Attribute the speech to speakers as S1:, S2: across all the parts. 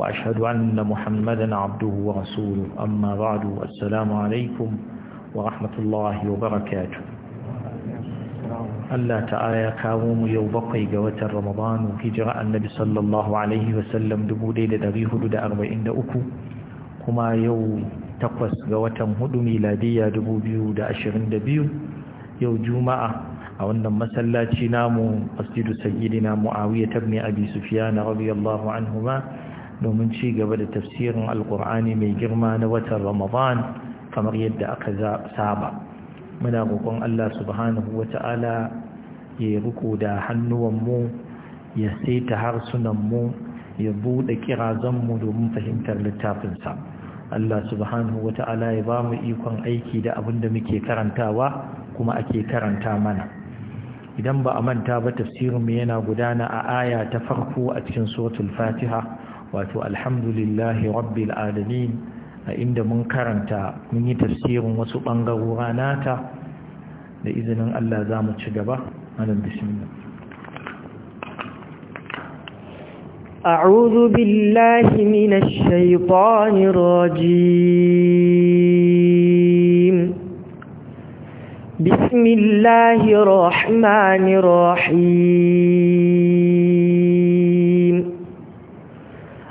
S1: وأشهد أن محمدا عبده ورسوله أما بعد السلام عليكم ورحمة الله وبركاته Allah ta'ala ya kawo mu yau bakwai ga watan Ramadan hijira annabi sallallahu alaihi wasallam 1443 kuma yau takwas ga watan hudu miladiya biyu yau juma'a a wannan masallaci namu masjidu sayyidina Muawiya ibn Abi Sufyan radiyallahu anhuma domin ci gaba da tafsirin alkur'ani mai girma na watan ramadan kamar yadda aka saba muna roƙon Allah subhanahu wata'ala ya riko da hannuwanmu ya saita harsunanmu ya buɗe kirazanmu domin fahimtar littafinsa Allah subhanahu wata'ala ya ba mu ikon aiki da abin da muke karantawa kuma ake karanta mana idan ba a manta ba tafsirinmu yana gudana a aya ta farko a cikin suratul fatiha wato alhamdulillahi rabbil alamin a inda mun karanta mun yi tafsirin wasu bangarora nata da izinin Allah za mu ci gaba anan bismillah
S2: أعوذ بالله من الشيطان الرجيم بسم الله الرحمن الرحيم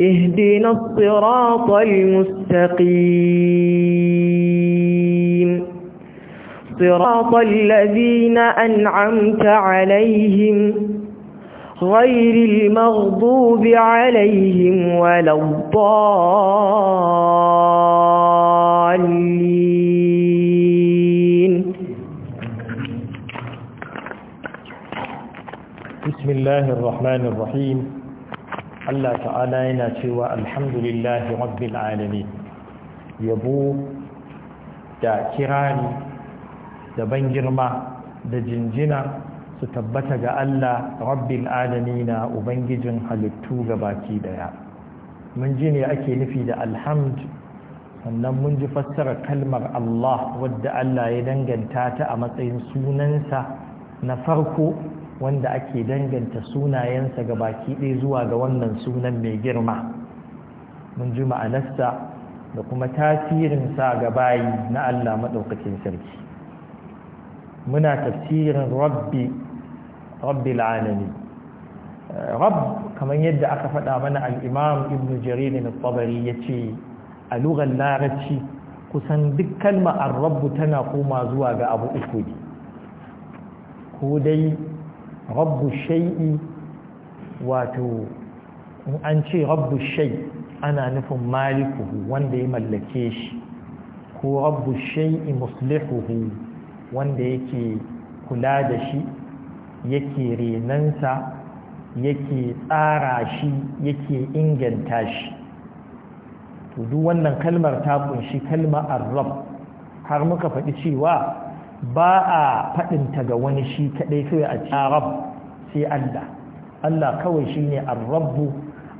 S2: اهدنا الصراط المستقيم صراط الذين أنعمت عليهم غير المغضوب عليهم ولا الضالين
S1: بسم الله الرحمن الرحيم Allah ta'ala yana cewa alhamdulillahi rabbil alamin yabo da kirani da ban girma da jinjina su tabbata ga Allah rabbil alamin ubangijin halittu gabaki daya mun ji ne ake nufi da alhamd sannan mun ji fassarar kalmar Allah wadda Allah ya danganta ta a matsayin sunansa na farko wanda ake danganta sunayensa ga baki ɗaya zuwa ga wannan sunan mai girma mun ji ma'anarsa da kuma tasirinsa ga bayi na Allah maɗaukacin sarki muna tafsirin rabbi rabbi al'alami rabb kamar yadda aka faɗa mana al'imam ibn jarir na tabari ya ce a lugar larabci kusan duk kalma an tana koma zuwa ga abu uku ko dai rabbu shay'i wato in an ce rabbu shay ana nufin malikuhu wanda ya mallake shi ko rabbu shay'i muslihuhu wanda yake kula da shi yake renansa yake tsara shi yake inganta shi to duk wannan kalmar ta kunshi kalmar rab har muka faɗi cewa ba a faɗinta ga wani shi kaɗai sai a ci rabu, sai Allah Allah kawai shi ne arrabu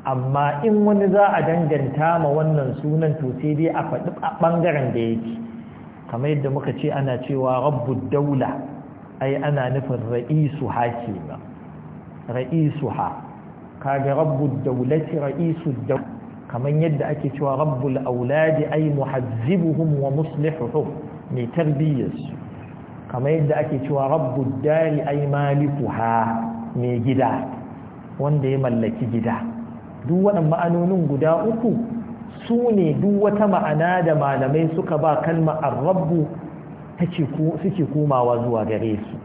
S1: amma in wani za a danganta ma wannan sunan to sai dai a faɗi ɓangaren da yake kamar yadda muka ce ana cewa rabu daula ai ana nufin ra'isu ha ke ba ra'isu ha kaga rabu daulati ra'isu daula kamar yadda ake cewa rabbul auladi ai muhazzibuhum wa muslihuhum mai tarbiyyarsu kamar yadda ake cewa rabbud dari ay malikuha mai gida wanda ya mallaki gida duk waɗannan ma'anonin guda uku su ne duk wata ma'ana da malamai suka ba kalmar rabbu suke komawa zuwa gare su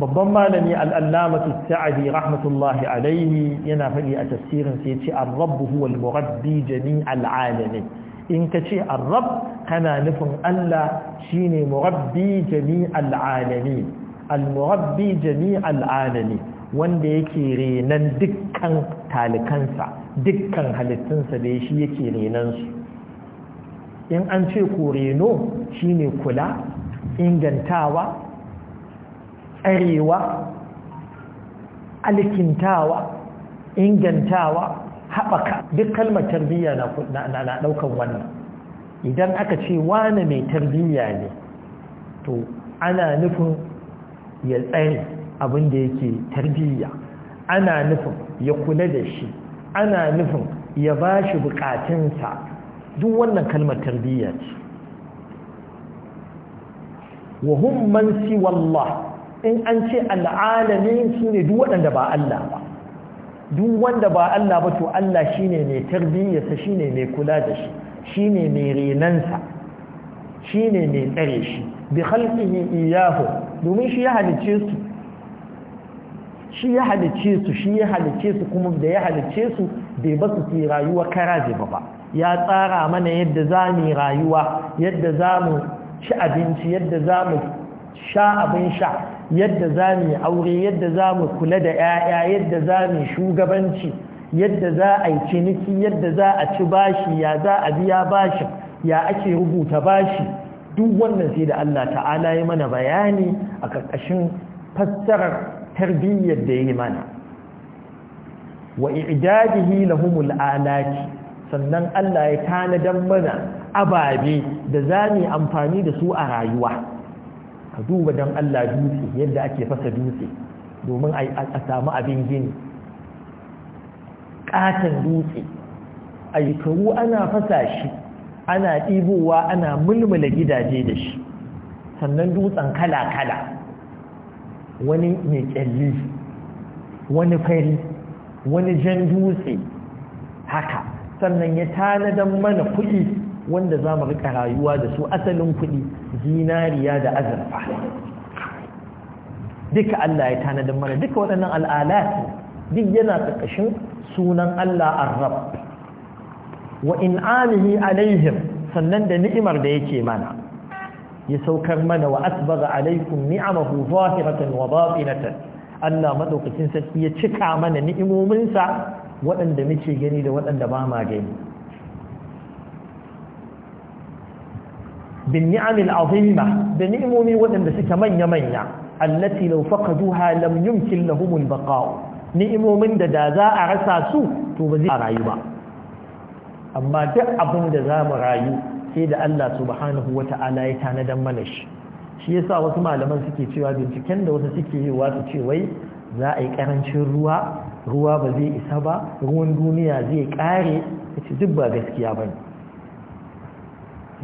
S1: babban malami al'allamatu sa'adi rahmatullahi alaihi yana faɗi a tafsirin sai ce an rabbu huwa al-murabbi jami'al alamin in ka ce arab kana nufin Allah shi shine murabbi jami al'adani al-murabbi jami'al wanda yake renan dukkan talikansa dukkan halittunsa da shi yake renan su in an ce ko reno ne kula ingantawa tsarewa alkintawa ingantawa haɓaka duk kalmar tarbiyya na ɗaukan wannan idan aka ce wane mai tarbiyya ne to ana nufin ya tsare abin da yake tarbiyya ana nufin ya kula da shi ana nufin ya ba shi bukatunsa duk wannan kalmar tarbiyya ce wahun man siwallah in an ce al'alamin su ne duk waɗanda ba Allah ba duk wanda ba Allah ba to Allah shine mai tarbiyyarsa shine mai kula da shi shine mai renansa shine mai tsare shi bi khalqihi iyahu domin shi ya halice su shi ya halice su shi ya halice su kuma da ya halice su bai ba su rayuwa kara ba ba ya tsara mana yadda za mu rayuwa yadda za mu ci abinci yadda za mu sha abin sha yadda za mu yi aure yadda za mu kula da 'ya'ya yadda za mu shugabanci yadda za a yi ciniki yadda za a ci bashi ya za a biya bashi ya ake rubuta bashi duk wannan sai da Allah ta'ala ya mana bayani a ƙarƙashin fassarar tarbiyyar da ya yi mana wa i'dadihi lahumul alati sannan Allah ya tanadan mana ababe da za mu amfani da su a rayuwa ka duba don Allah dutse yadda ake fasa dutse domin a samu abin gini Ƙaton dutse aikaru ana fasa shi ana ɗibowa ana mulmula gidaje da shi sannan dutsen kala-kala wani mai ƙyalli, wani fari wani jan dutse haka sannan ya tanadan mana kuɗi wanda za mu rika rayuwa da su asalin kuɗi zinariya da azurfa duka Allah ya tanadin mana duka waɗannan al'alati duk yana ƙarƙashin sunan Allah arrab wa in'amihi alaihim sannan da ni'imar da yake mana ya saukar mana wa asbaga alaikum ni'amahu zahiratan wa batinatan Allah madaukakin sarki ya cika mana ni'imominsa waɗanda muke gani da waɗanda ba ma gani bin ni'amil azima da ni'imomi waɗanda suke manya-manya allati law faqaduha lam yumkin lahum al-baqa ni'imomin da da za a rasa su to ba zai rayu ba amma duk abin da za mu rayu sai da Allah subhanahu wata'ala ya tanadan mana shi shi yasa wasu malaman suke cewa binciken da wasu suke yi wasu ce wai za a yi karancin ruwa ruwa ba zai isa ba ruwan duniya zai kare ita duk ba gaskiya bane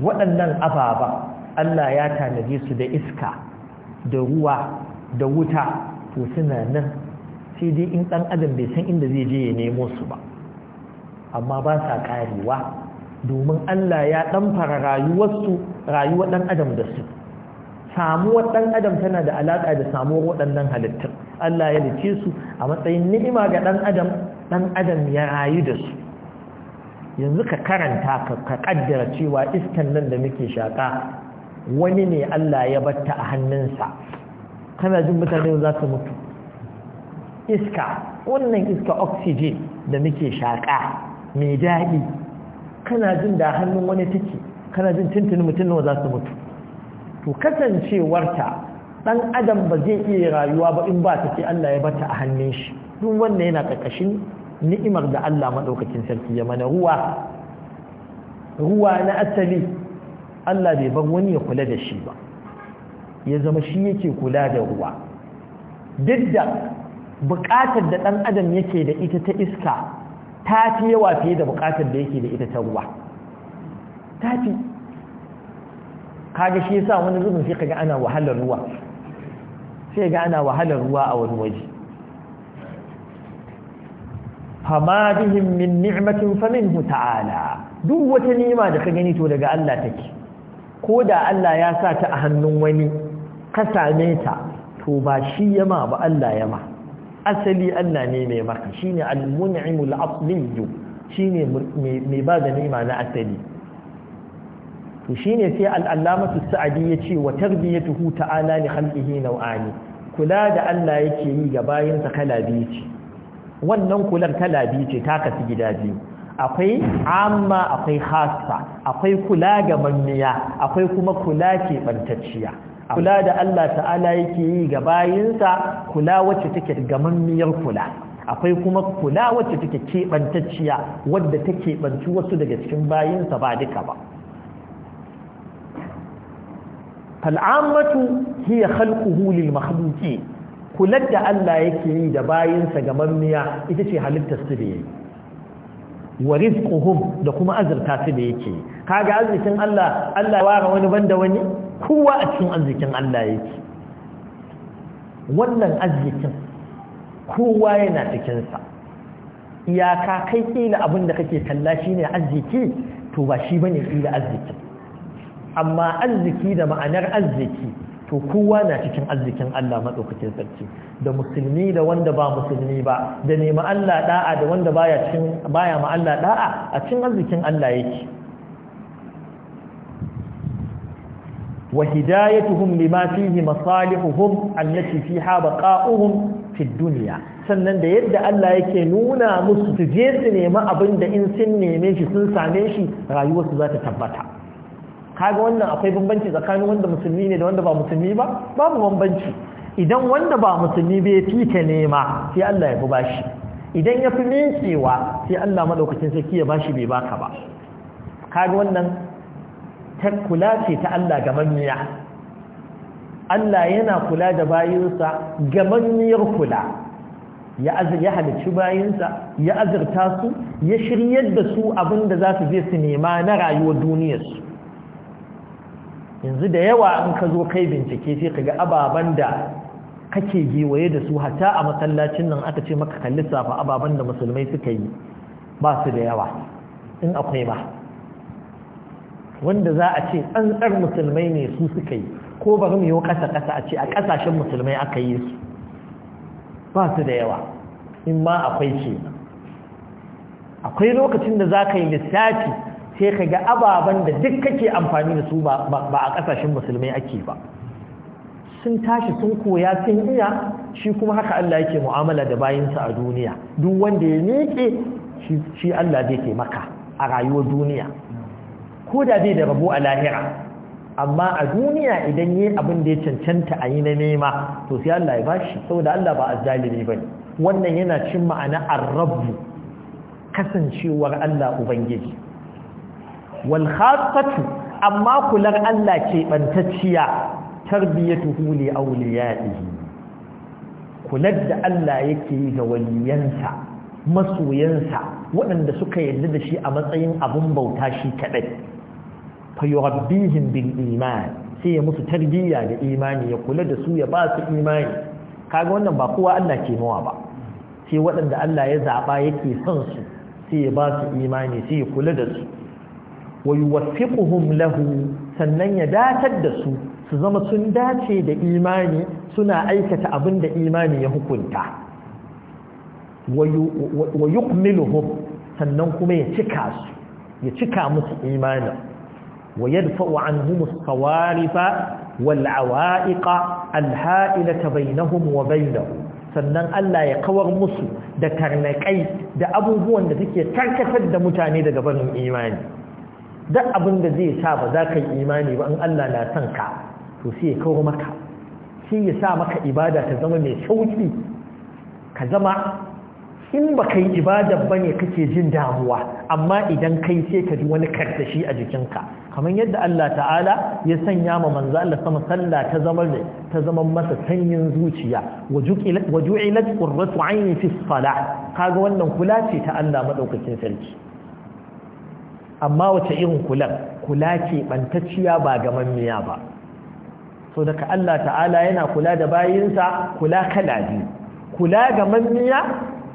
S1: waɗannan ababa Allah ya tanaje su da iska da ruwa da wuta to suna nan sai dai in ɗan adam bai san inda zai je ya nemo su ba amma ba sa ƙarewa domin Allah ya ɗamfara rayuwarsu rayuwar ɗan adam da su samuwar ɗan adam tana da alaƙa da samuwar waɗannan halittun Allah ya lice su a matsayin ni'ima ga ɗan adam ɗan adam ya rayu da su yanzu ka karanta ka kaddara cewa iskan nan da muke shaka wani ne Allah ya batta a hannunsa kana jin mutane za su mutu iska wannan iska oxygen da muke shaka mai daɗi kana jin da hannun wani take kana jin tuntuni mutum nawa za su mutu to kasancewarta dan adam ba zai iya rayuwa ba in ba ta ce Allah ya batta a hannun shi duk wannan yana ƙarƙashin ni'imar da Allah maɗaukakin sarki ya mana ruwa ruwa na asali Allah bai bar wani ya kula da shi ba ya zama shi yake kula da ruwa duk da buƙatar da ɗan adam yake da ita ta iska ta fi yawa fiye da buƙatar da yake da ita ta ruwa ta fi kaga shi yasa wani zubin sai kaga ana wahalar ruwa sai ga ana wahalar ruwa a wani waje fama bihim min ni'matin faminhu ta'ala duk wata ni'ima da ka gani to daga Allah take ko da Allah ya sa ta a hannun wani ka same ta to ba shi yama ba Allah yama asali Allah ne mai maka shine al-mun'imul asli shine mai ba da ni'ima na asali to shine sai al allama sa'adi ya ce wa tarbiyatuhu ta'ala li khalqihi nau'ani. kula da Allah yake yi ga bayinsa kala biyu wannan kular kala biyu ce ta kasu gida biyu akwai amma akwai hasa akwai kula ga mamiya, akwai kuma kula ke bantacciya kula da Allah ta'ala yake yi ga bayinsa kula wacce take ga mamiyar kula akwai kuma kula wacce take keɓantacciya wadda ta keɓanci wasu daga cikin bayinsa ba duka ba fal'ammatu hiya khalquhu lil makhluqin kular da Allah yake yi da bayinsa ga mammiya ita ce halittar su da yake wa rizquhum da kuma azurta su da yake kaga arzikin Allah Allah ya ware wani banda wani kowa a cikin arzikin Allah yake wannan arzikin kowa yana cikin sa iyaka kai kila abin da kake kalla shine arziki to ba shi bane kila arzikin amma arziki da ma'anar arziki to kowa na cikin arzikin Allah maɗaukacin sarki da musulmi da wanda ba musulmi ba da nema Allah da'a da wanda baya ma Allah da'a a cikin arzikin Allah yake wa hidayatuhum lima fihi masalihuhum allati fiha baqa'uhum fi dunya sannan da yadda Allah yake nuna musu su je su nemi abin da in sun neme shi sun same shi rayuwarsu za ta tabbata kaga wannan akwai bambanci tsakanin wanda musulmi ne da wanda ba musulmi ba babu bambanci idan wanda ba musulmi bai fika nema sai Allah ya fi bashi idan ya fi mincewa sai Allah madaukakin sarki ya bashi bai baka ba kaga wannan ta kula ce ta Allah ga mamiya Allah yana kula da bayinsa ga mamiyar kula ya azir ya halicci bayinsa ya azirta su ya shiryar da su abinda za su je su nema na rayuwar duniyarsu yanzu da yawa in ka zo kai bincike sai ka ga ababen da kake giwaye da su hata a masallacin nan aka ce maka kalli safa ababen da musulmai suka yi ba su da yawa in akwai ba wanda za a ce tsantsar musulmai ne su suka yi ko ba mu yi ƙasa-ƙasa a ce a kasashen musulmai aka yi su ba su da yawa in ma akwai ce akwai lokacin da za ka yi lissafi sai ka ga ababen da duk kake amfani da su ba a ƙasashen musulmai ake ba sun tashi sun koya sun iya shi kuma haka Allah yake mu'amala da bayinsa a duniya duk wanda ya miƙe shi Allah zai ke maka a rayuwar duniya ko da zai da rabo a lahira amma a duniya idan yi abin da ya cancanta a yi na nema to sai Allah ya bashi saboda Allah ba a ba ne. wannan yana cin ma'ana ar rabu kasancewar Allah ubangiji wal amma kular Allah ce bantacciya tarbiyatu huli awliyaihi kular da Allah yake yi ga waliyansa masoyansa waɗanda suka yarda da shi a matsayin abun bauta shi kadai fa yurabbihim bil iman sai ya musu tarbiyya da imani ya kula da su ya ba su imani kaga wannan ba kowa Allah ke nawa ba sai waɗanda Allah ya zaba yake son su sai ya ba su imani sai ya kula da su wa yuwaffiquhum lahu sannan ya datar da su su zama sun dace da imani suna aikata abin da imani ya hukunta wa yukmiluhum sannan kuma ya cika su ya cika musu imani wa yadfa'u anhum as-sawarifa wal awa'iqa al-ha'ilata bainahum wa bainahum sannan Allah ya kawar musu da karnakai da abubuwan da suke tarkatar da mutane daga barin imani duk abin da zai sa ba za ka yi imani ba in Allah na son ka to sai ya kawo maka sai ya sa maka ibada ta zama mai sauki ka zama in ba ka yi ibada ba ne kake jin damuwa amma idan kai sai ka ji wani karsashi a jikinka kamar yadda Allah ta'ala ya sanya ma manzo Allah sama sallah ta zama ne ta zama masa sanyin zuciya waju'ilat qurratu ayni fi salah kaga wannan kula ce ta Allah madaukakin sarki amma wace irin kulan kula ce bantacciya ba gamammiya ba so daga Allah ta'ala yana kula da bayinsa kula kala biyu kula ga gamammiya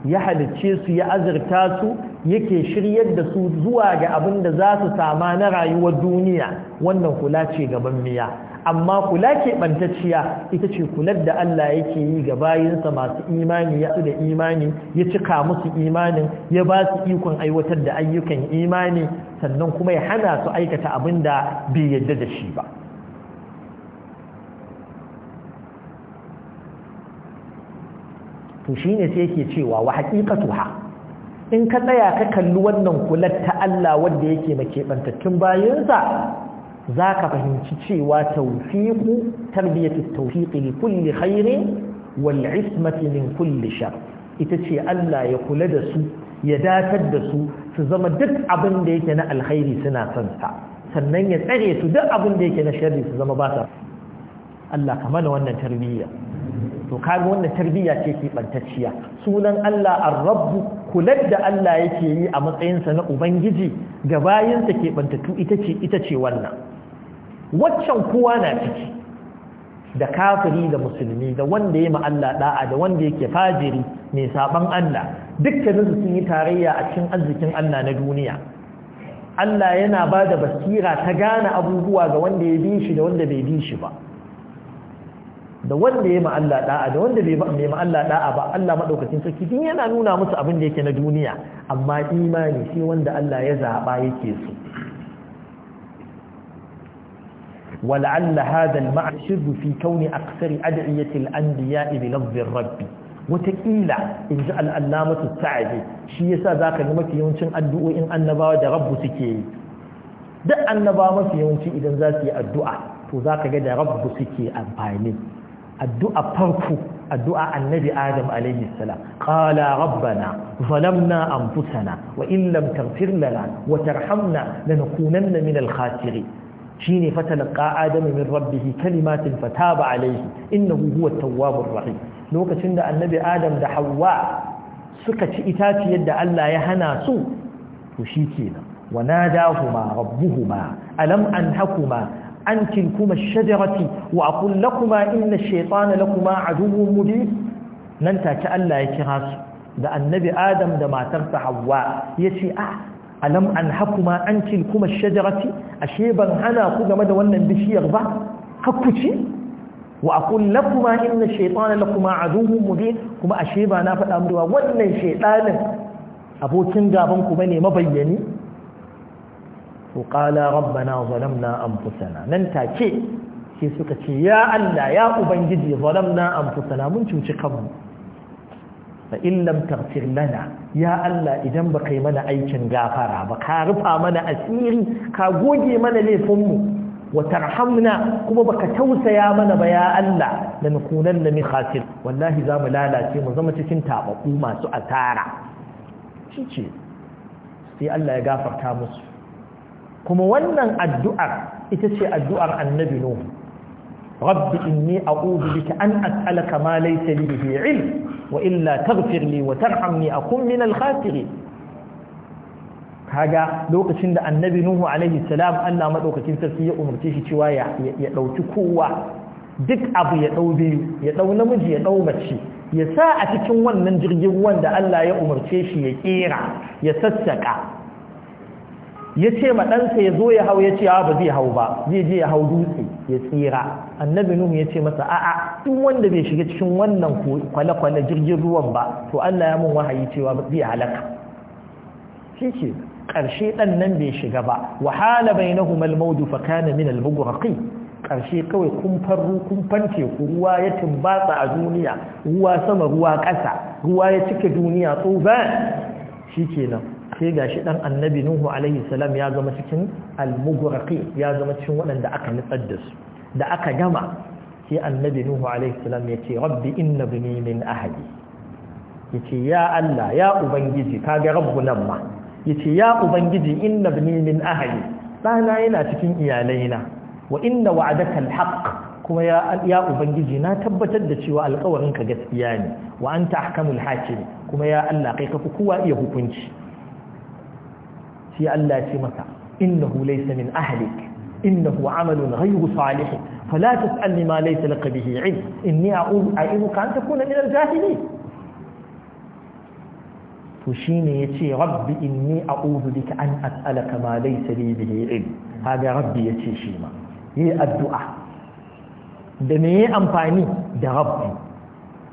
S1: ya halicce su ya azurta su yake shiryar da su zuwa ga abin da za su sama na rayuwar duniya wannan kula ce miya. amma kula keɓantacciya ita ce kular da Allah yake yi ga bayinsa masu imani ya da imani ya cika musu imanin ya ba su ikon aiwatar da ayyukan imani sannan kuma ya hana su aikata abin da bai yadda da shi ba to shi ne sai yake cewa wa ha in ka tsaya ka kalli wannan kular ta Allah wanda yake makeɓantattun bayansa za ka fahimci cewa taufiku tarbiyyatu taufiqi li kulli khairin wal min kulli shar ita ce Allah ya kula da su ya datar da su su zama duk abin da yake na alkhairi suna son sannan ya tsare su duk abin da yake na sharri su zama basa. Allah ka wannan tarbiyya to kaga wannan tarbiyya ce ke bantacciya sunan Allah ar-rabb kular da Allah yake yi a matsayinsa na ubangiji ga bayinsa ke bantattu ita ce ita ce wannan waccan kowa na ciki da kafiri da musulmi da wanda ya Allah da'a da wanda yake fajiri mai saban Allah dukkanin su sun yi tarayya a cikin arzikin Allah na duniya Allah yana ba da basira ta gane abubuwa ga wanda ya bi shi da wanda bai bi shi ba da wanda ya Allah da'a da wanda bai mai Allah da'a ba Allah madaukakin sarki din yana nuna musu abin da yake na duniya amma imani sai wanda Allah ya zaba yake so ولعل هذا المعنى سر في كون أكثر أدعية الأنبياء بلفظ الرب وتقيل إن جاء الألامة السعدي شي يسا ذاك المكي يونشن الدعاء إن أنبا دا رب سكي دا أنبا ما في يونشي إذا ذاتي الدعاء فذاك جد رب سكي أبايني الدعاء فرقه الدعاء النبي آدم عليه السلام قال ربنا ظلمنا أنفسنا وإن لم تغفر لنا وترحمنا لنكونن من الخاسرين shine fatalqa adamu min rabbih kalimatin fataba alayhi innahu huwa tawwabur rahim lokacin da annabi adam da hawwa suka ci itaciyar da Allah ya hana su to shikenan wanadahuma rabbuhuma alam anhakuma an tilkuma ash-shajarati wa aqul lakuma inna ash-shaytana lakuma aduwwun mubin nan take Allah ya kira su da annabi adam da matarsa hawwa yace ah alam an hakuma an cil kuma shajarati ashe ban hana ku game da wannan bishiyar ba hakku wa aqul lakuma inna shaytana lakuma aduwwun mubin kuma ashe ba na faɗa muku wannan shaytanin abokin gaban ku bane mabayyani to qala rabbana zalamna anfusana nan take sai suka ce ya Allah ya ubangiji zalamna anfusana mun cuci kanmu fa in lam lana ya Allah idan baka yi mana aikin gafara ba ka rufa mana asiri ka goge mana laifinmu, mu wa kuma kuma baka tausaya mana ba ya Allah da nukunan na mi wallahi za mu lalace mu zama cikin taɓaɓu masu asara shi ce sai Allah ya gafarta musu kuma wannan addu'ar ita ce addu'ar annabi nuhu rabbi inni a'udhu bika an as'alaka ma laysa li bihi wa illa taghfir li wa tarhamni akun min al-khasirin kaga lokacin da annabi nuhu alaihi salam Allah madaukakin sarki ya umarce shi cewa ya ya dauki kowa duk abu ya dau biyu ya dau namiji ya dau mace ya sa a cikin wannan jirgin ruwan da Allah ya umarce shi ya kera ya sassaka yace ce ma ɗansa ya yazo ya hau ya cewa ah, ba zai hau ba zai je ya hau dutse ya tsira annabi nuhu ya ce masa a'a duk wanda bai shiga cikin wannan kwale-kwale jirgin ruwan ba to Allah ya mun wahayi cewa zai halaka shi ke ƙarshe ɗan nan bai shiga ba wahala bai na humal maudu fa kana min ƙarshe kawai kumfan kumfan teku ruwa ya tumbatsa a duniya ruwa sama ruwa ƙasa ruwa ya cika duniya tsoban shi nan sai gashi ɗan annabi nuhu alaihi salam ya zama cikin almugraqi ya zama cikin waɗanda aka nutsar da su da aka gama sai annabi nuhu alaihi salam ya ce rabbi inna bini min ahli yace ya Allah ya ubangiji kaga rabbu nan ma yace ya ubangiji inna bini min ahli dana yana cikin iyalaina wa inna wa'adaka alhaq kuma ya ya ubangiji na tabbatar da cewa alƙawarinka gaskiya ne wa anta ahkamul hakim kuma ya Allah kai kafi kowa iya hukunci sai Allah ya ce maka innahu laysa min ahlik إنه عمل غير صالح فلا تسألني ما ليس لك به علم إني أعينك أن تكون من الجاهلين فشيني يتي ربي إني أعوذ بك أن أسألك ما ليس لي به علم هذا ربي يتي شيما هي الدعاء دمي أمفاني ده ربي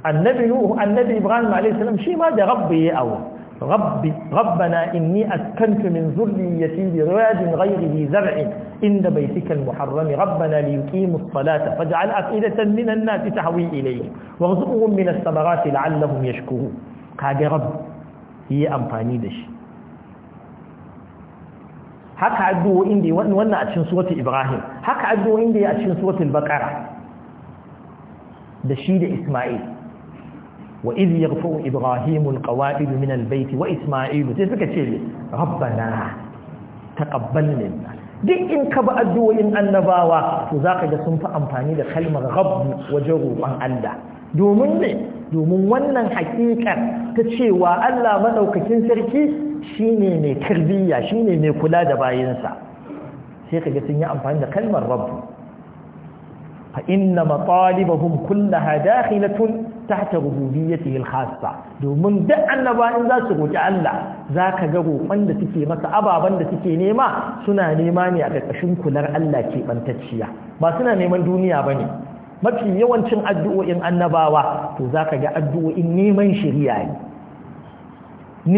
S1: النبي نوح النبي إبراهيم عليه السلام شيما ده ربي أول ربي ربنا إني أسكنت من ذريتي برواد غير ذي زرع عند بيتك المحرم ربنا ليقيموا الصلاة فاجعل أفئدة من الناس تهوي إليهم وارزقهم من الثمرات لعلهم يشكرون قال رب هي أمفاني دش haka عدو da wannan a cikin suratul Ibrahim هك عدو da ya a cikin suratul Baqara wa iz yaghfu ibrahimu alqawa'id min albayt wa isma'ilu sai suka ce rabbana taqabbal minna duk in ka ba addu'o'in annabawa to zaka ga sun fi amfani da kalmar rabb wajen roƙon Allah domin ne domin wannan hakikar ta cewa Allah madaukakin sarki shine mai tarbiyya shine mai kula da bayinsa sai kaga sun yi amfani da kalmar rabb fa inna matalibahum kullaha dakhilatun tahta rububiyyatihi al-khassa domin duk annaba in za su roki Allah zaka ga roƙon da suke masa ababan da suke nema suna nema ne a ƙarƙashin kular Allah ke bantacciya ba suna neman duniya bane mafi yawancin addu'o'in annabawa to zaka ga addu'o'in neman shari'a ne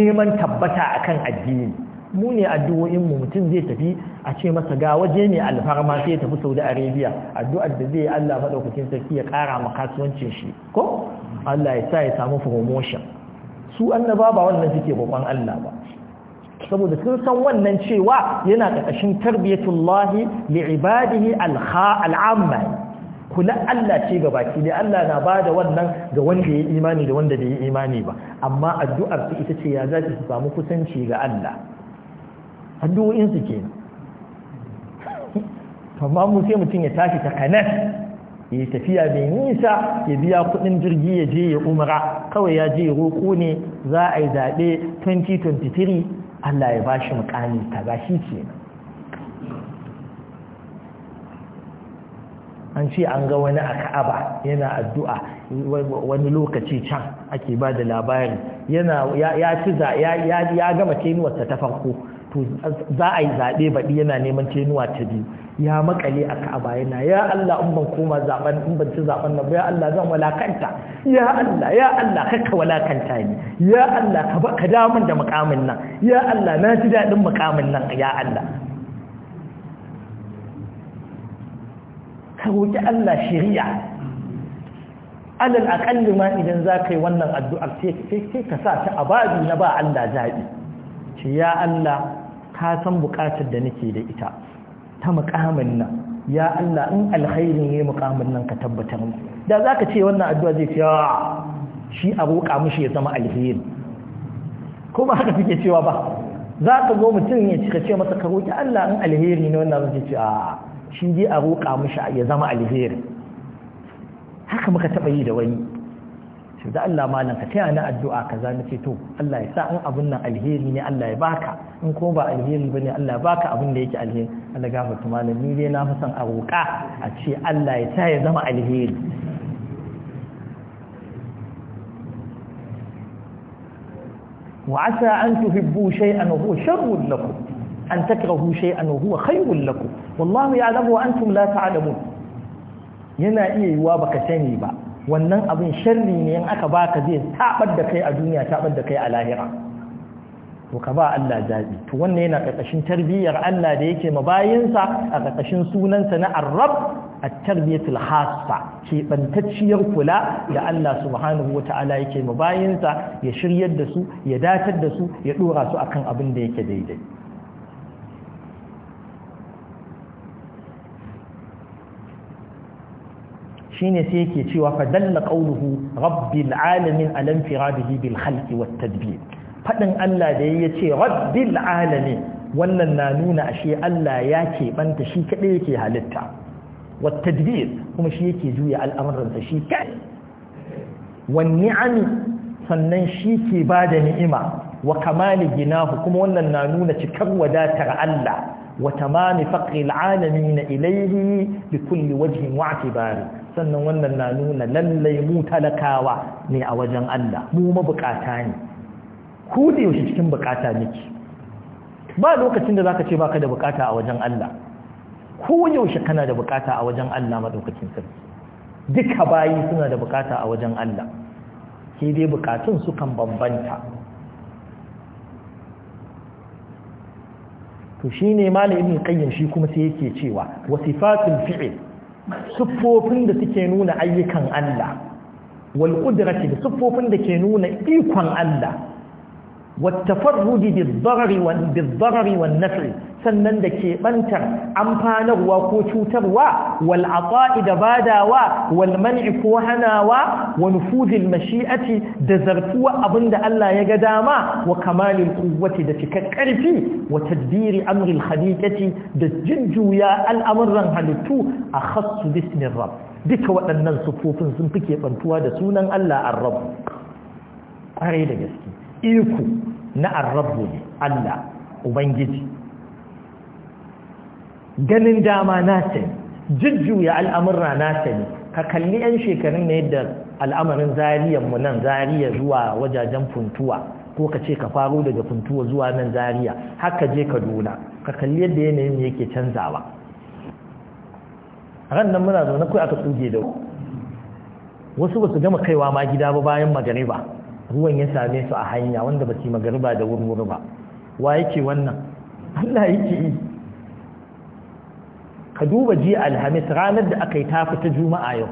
S1: neman tabbata akan addini mu ne addu'o'in mu mutum zai tafi a ce masa ga waje ne alfarma sai ya tafi saudi arabia addu'ar da zai allah maɗaukacin sarki ya ƙara ma kasuwancin shi ko allah ya sa ya samu promotion su annaba ba wannan suke babban allah ba saboda sun san wannan cewa yana ƙarƙashin tarbiyatullahi al-amma kula Allah ce ga baki dai Allah na bada wannan ga wanda ya imani da wanda bai yi imani ba amma addu'ar su ita ce ya za su samu kusanci ga Allah addu'o'in su kenan amma mu sai mutum ya tashi ta kanas ya tafiya mai nisa ya biya kudin jirgi ya je ya umara kawai ya je roƙo ne za a yi zaɓe 2023 Allah ya bashi ta kaza shi ce an ce an ga wani a ka'aba yana addu'a wani lokaci can ake ba da labari yana ya ci ya gama tenuwarsa ta farko to za a yi zaɓe baɗi yana neman tenuwa ta biyu ya makale a ka'aba yana ya Allah in ban koma zaɓen in ban ci zaɓen nan ya Allah zan walakanta ya Allah ya Allah ka ka walakanta ni ya Allah ka ba ka damun da mukamin nan ya Allah na ji daɗin mukamin nan ya Allah ka
S2: roƙi Allah shari'a
S1: alal aƙalli ma idan za ka yi wannan addu'ar teke ka sa ta abadi na ba Allah zaɓi ce ya Allah ka san buƙatar da nake da ita ta muƙamin nan ya Allah in ya ne muƙamin nan ka tabbatar mu da za ka ce wannan addu'ar zai ce yawa shi a roƙa mishi ya zama alheri kuma haka suke cewa ba za ka zo mutum ya cika ce masa ka roƙi Allah in alheri ne wannan zai ce a shi dai a roƙa mishi ya zama alheri haka muka taɓa yi da wani shi da Allah malam ka taya na addu'a kaza na ce to Allah ya sa in abun nan alheri ne Allah ya baka in ko ba alheri bane Allah ya baka abin da yake alheri Allah ga mutum malam ni dai na fi son a roƙa a ce Allah ya sa ya zama alheri وعسى أن تحبوا شيئا وهو شر لكم أن تكرهوا شيئا وهو خير لكم والله يعلم وأنتم لا تعلمون yana iya yiwa baka sani ba wannan abin sharri ne in aka baka zai tabar da kai a duniya tabar da kai a lahira to ka ba Allah zabi to wannan yana karkashin tarbiyyar Allah da yake mabayinsa a karkashin sunansa na Ar-Rabb at-tarbiyatul khassa ke bantacciyar kula da Allah subhanahu wata'ala yake mabayinsa ya shiryar da su ya datar da su ya dora su akan abin da yake daidai shine sai yake cewa fa dalla qawluhu rabbil alamin alam firadihi bil khalqi wat tadbir fadin Allah da yayi ce rabbil alamin wannan na nuna ashe Allah ya ke banta shi kadai yake halitta wat tadbir kuma shi yake juya al'amuransa shi kai wan ni'ami sannan shi ke bada ni'ima wa kamali ginahu kuma wannan na nuna cikar wadatar Allah wa tamami faqril alamin ilayhi bi kulli wajhin wa sannan wannan na nuna lallai mu talakawa ne a wajen Allah mu mabukata ne ku da yaushe cikin bukata nake ba lokacin da zaka ce baka da bukata a wajen Allah ko yaushe kana da bukata a wajen Allah madaukakin sarki duka bayi suna da bukata a wajen Allah sai dai bukatun sukan bambanta to shine malamin kayyin shi kuma sai yake cewa wasifatul fi'l siffofin da suke nuna ayyukan Allah wal da siffofin da ke nuna ikon Allah والتفرد بالضرر بالضرر والنفع sannan da ke bantar amfanarwa ko cutarwa wal da badawa wal man'i ko hanawa wa nufuzil mashi'ati da zartuwa abinda Allah ya ga dama wa kamalil quwwati da cikar karfi wa tadbiri amril khaliqati da jinjuya al'amuran halittu akhassu bismi rabb duka waɗannan sufofin sun fike bantuwa da sunan Allah an rabu kware da gaske iku na arrabu ne Allah ubangiji ganin dama na sani jujjuya al'amurra na sani ka kalli 'yan shekarun na yadda al'amarin mu nan zariya zuwa wajajen funtuwa ko ka ce ka faru daga funtuwa zuwa nan zariya haka je kaduna ka kalli yadda yanayin yake canzawa ran nan muna zaune kawai aka tsuge da wasu ba su gama kaiwa ma gida ba bayan magariba ruwan ya same su a hanya wanda ba su yi magariba da wurwuri ba wa yake wannan Allah yake yi ka duba ji alhamis ranar da aka yi ta fita juma'a yau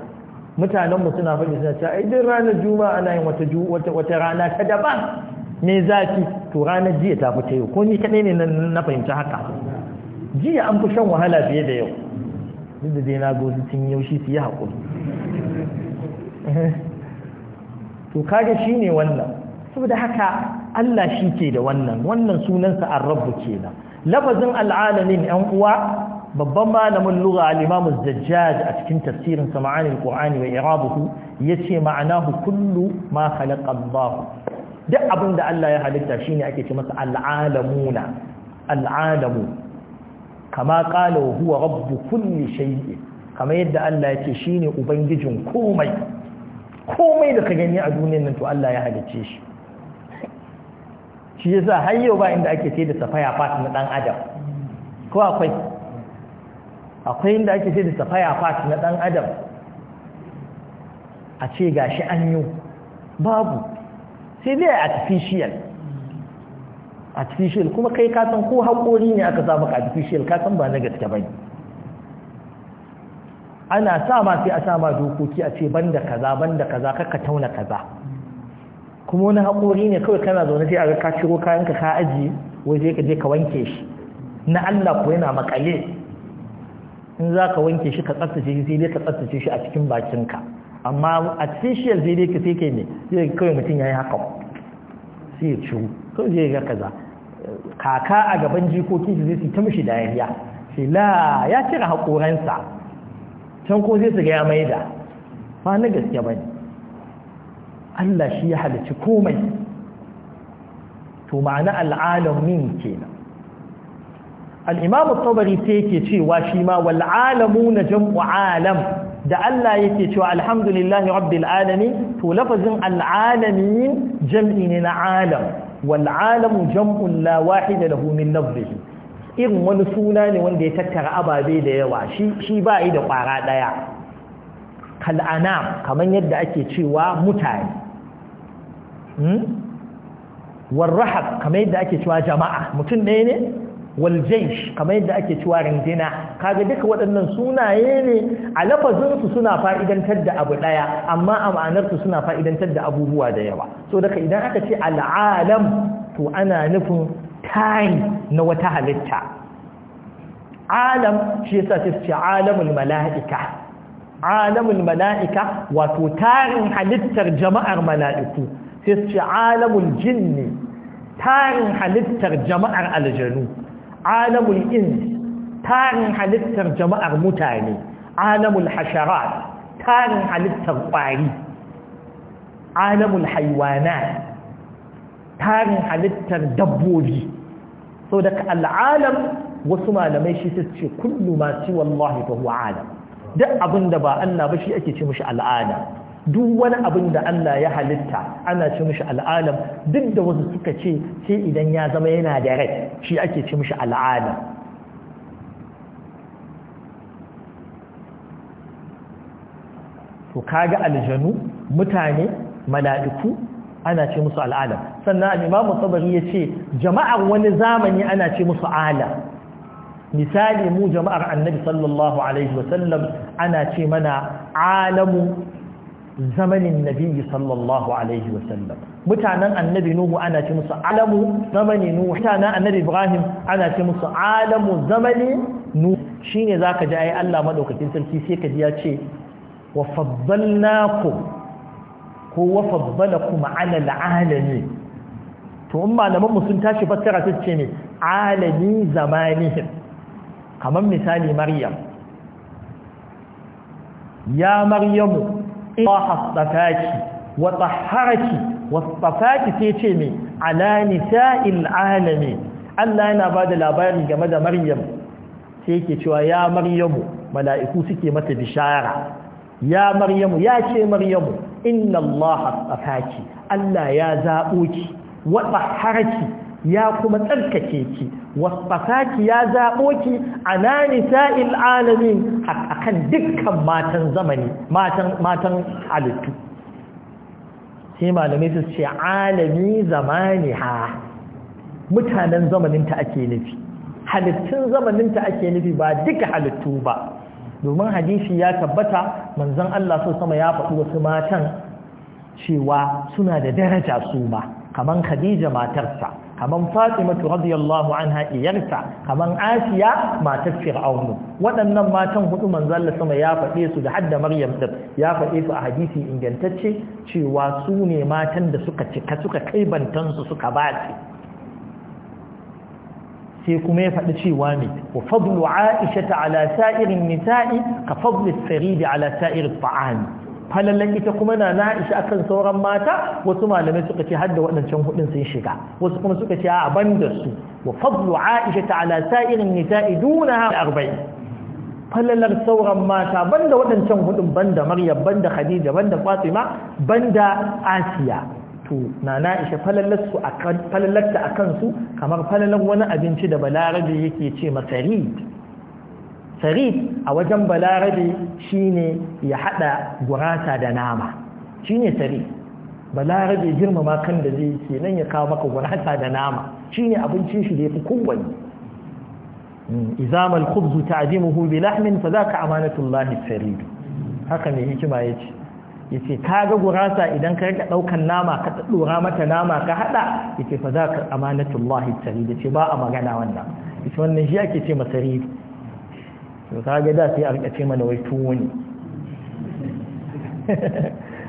S1: mutanen mu suna faɗi suna cewa idan ranar juma'a ana yin wata wata rana ta daban me zafi to ranar jiya ta fita yau ko ni kadai ne na fahimci haka jiya an fi shan wahala fiye da yau duk da dai na gozi sun yaushi su yi haƙuri to kaga shine wannan saboda haka Allah shi ke da wannan wannan sunansa ar-rabb kenan lafazin al'alamin yan uwa babban malamin lugha al-imam az-zajjaj a cikin tafsirin sa ma'ani al-qur'ani wa irabuhu yace ma'anahu kullu ma khalaqa Allah duk abin da Allah ya halitta shine ake ce masa al-alamuna al-alamu kama qala wa huwa rabb kulli shay'in kama yadda Allah yace shine ubangijin komai komai da ka gani a duniyar nan to Allah ya halicce shi shi yasa har yau ba inda ake sayar da safaya fat na dan adam ko akwai akwai inda ake sayar da safaya fat na dan adam a ce gashi an yi babu sai dai artificial artificial kuma kai ka san ko haƙori ne aka sa maka artificial ka san ba na gaske bane ana sa ma sai a sa ma dokoki a ce banda kaza banda kaza kakka tauna kaza kuma wani haƙori ne kawai kana zaune sai a ga ka shigo kayanka ka aji waje ka je ka wanke shi na Allah ko yana makale in za ka wanke shi ka tsaftace shi sai dai ka tsaftace shi a cikin bakinka amma a tishiyar zai dai ka sai kai ne sai kawai mutum ya yi haka sai ya ciwo kawai zai ga kaza kaka a gaban jikokin shi zai ta mishi dariya sai la ya cire haƙoransa can ko sai su ga ya maida ba na gaske ba ne Allah shi ya halarci komai to ma'ana al'alamin kenan al'imamu tabari sai yake cewa shi ma wal'alamu na jam'u alam da Allah yake cewa alhamdulillahi rabbil alamin to lafazin al'alamin jam'i ne na alam wal'alamu jam'un la wahida lahu min لفظه irin wani suna ne wanda ya tattara ababe da yawa shi ba yi da kwara ɗaya Kal'ana kamar yadda ake cewa mutane hmm? warrahab kamar yadda ake cewa jama'a mutum ɗaya ne waljaish kamar yadda ake cewa rindina kaga duka waɗannan sunaye ne a lafazinsu suna fa'idantar da abu ɗaya amma a ma'anarsu suna fa'idantar da abubuwa da yawa so daga idan aka ce al'alam to ana nufin tari na wata halitta alam shi yasa sai ce alamul mala'ika alamul mala'ika wato tarin halittar jama'ar mala'iku sai ce alamul jinni tarin halittar jama'ar aljanu alamul ins tarin halittar jama'ar mutane alamul hasharat tarin halittar kwari alamul haiwana tarin halittar dabbobi so daga al'alam wasu malamai shi su ce kullu ma wallahi fa huwa alam duk abin da ba Allah ba shi ake ce mishi al'alam duk wani abin da Allah ya halitta ana ce mishi al'alam duk da wasu suka ce sai idan ya zama yana da rai shi ake ce mishi al'alam to kaga aljanu mutane mala'iku ana ce musu al'alam sannan al'imamu sabari ya ce jama'ar wani zamani ana ce musu ala misali mu jama'ar annabi sallallahu alaihi wasallam ana ce mana alamu zamanin nabi sallallahu alaihi wasallam mutanen annabi nuhu ana ce musu alamu zamanin nuhu mutanen annabi ibrahim ana ce musu alamu zamanin nuhu shine zaka ji ai Allah madaukakin sarki sai ka ji ya ce wa faddalnakum ko wa faddalakum ala alalamin to in malaman mu sun tashi fassara ta ce ne alami zamanihim kamar misali maryam ya maryamu ina hasafaki wa tahharaki wa safaki sai ce ne ala nisa'il alamin Allah yana ba da labari game da maryam sai yake cewa ya maryamu mala'iku suke mata bishara ya maryamu ya ce maryamu inna Allah asafaki Allah ya zabo ki wa taharaki ya kuma tsarkake ki wasfasaki ya zaɓo ki a na alamin a kan dukkan matan zamani matan halittu sai malamai su ce alami zamani ha mutanen zamanin ta ake nufi halittun zamanin ta ake nufi ba duka halittu ba domin hadisi ya tabbata manzon Allah so sama ya faɗi wasu matan cewa suna da daraja su ma kaman Khadija matarsa kaman Fatima radiyallahu anha iyarta Kamar Asiya matar Fir'aunu waɗannan matan hudu manzon Allah sama ya faɗe su da hadda Maryam din ya faɗe su a hadisi ingantacce cewa su ne matan da suka cika suka kai bantansu suka bace sai kuma ya faɗi cewa ne wa fadlu aisha ala sa'irin nisa'i ka fadlu saridi ala sa'irin ta'ami falalan ita kuma na na'isha akan sauran mata wasu malamai suka ce hadda waɗancan hudun sun shiga wasu kuma suka ce a ban da su wa fadlu aisha ala sa'irin nisa'i dunaha falalar sauran mata banda waɗancan hudun banda maryam banda khadija banda fatima banda asiya to na isha falalarta a kansu kamar falalar wani abinci da balarabe yake ce masarid sarid a wajen balarabe shine ya hada gurasa da nama shine sarid balarabe girmama kan da zai ke nan ya kawo maka gurasa da nama shine abincin shi da ya fi kowanne hmm, izamal Kubzu ta bi lahmin fa zaka amanatullahi sarid haka ne hikima ya ce. ya ce ka ga gurasa idan ka rika ɗaukan nama ka dora mata nama ka haɗa ya ce fa za ka amanatun lahi tsari da ce ba a magana wannan ya ce wannan shi ake ce masari to ka ga da sai a rika ce mana wai tuwo